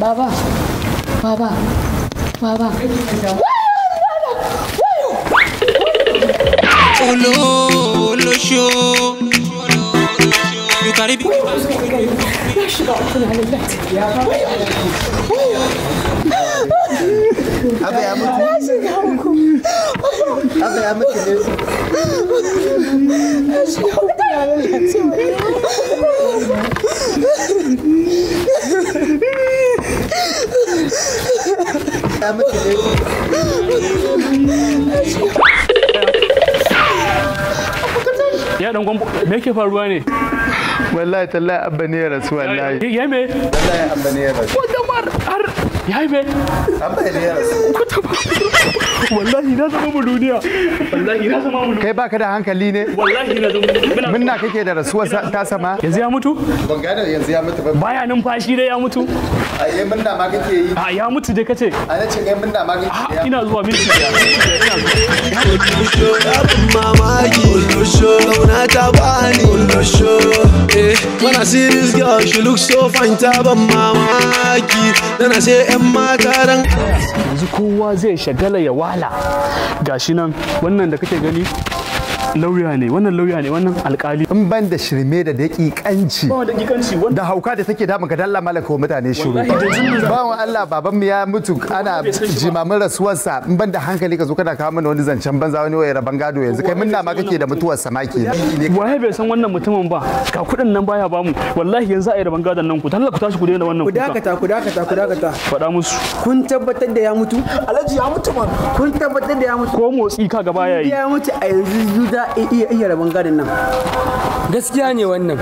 Baba, baba, baba. Oh no, no show. you carry me. Abi ama. Abi ama. Abi ama. ya que ne ya dan gwambo me ke faruwa ne wallahi tallahi abba ne ya rasu wallahi ya me wallahi abba ne ya rasu Ko har ya yi bai wallahi na zama mu duniya wallahi na zama mu kai baka da hankali ne wallahi na zama mun na kake da rasuwa ta sama yanzu ya mutu ban gane yanzu ya mutu ba baya numfashi dai ya mutu a yi mun ma kake yi a ya mutu dai kace a nace kai mun ma kake yi ina zuwa minti ina zuwa ta serious girl, she looks so fine ta ban mamaki. Tana sai 'yan mata dan. Yanzu kowa zai shagala ya wala. Gashi nan, wannan da kake gani lauya ne wannan lauya ne wannan alkali in ban da shirme da dakikanci da hauka da take damun ka dalla malaka wa mutane shiru ba Allah baban mu ya mutu ana jimamin rasuwarsa in ban da hankali ka zo kana kawo mana wani zancen banza wani wayar gado yanzu kai minna ma kake da mutuwar samaki waye bai san wannan mutumin ba ka kudin nan baya bamu wallahi yanzu a yi raban gadon nan ku talla ku tashi ku daina wannan ku dakata ku dakata ku dakata faɗa musu kun tabbatar da ya mutu alhaji ya mutu man kun tabbatar da ya mutu ko motsi ka gaba yayi ya mutu a yanzu za a iya iya rabon garin nan gaskiya ne wannan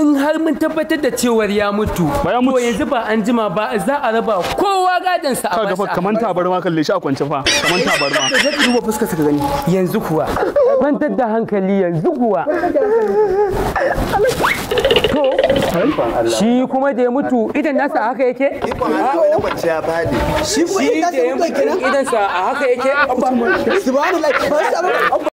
in har mun tabbatar da cewar ya mutu to yanzu ba an jima ba za a raba kowa gadon sa a basa kaman tabarma kalle shi a kwance fa kaman tabarma eh, zai duba fuskar ka gani yanzu kuwa kwantar da hankali yanzu kuwa to shi kuma da ya mutu idan nasa haka yake shi da ya mutu idan sa haka yake subhanallah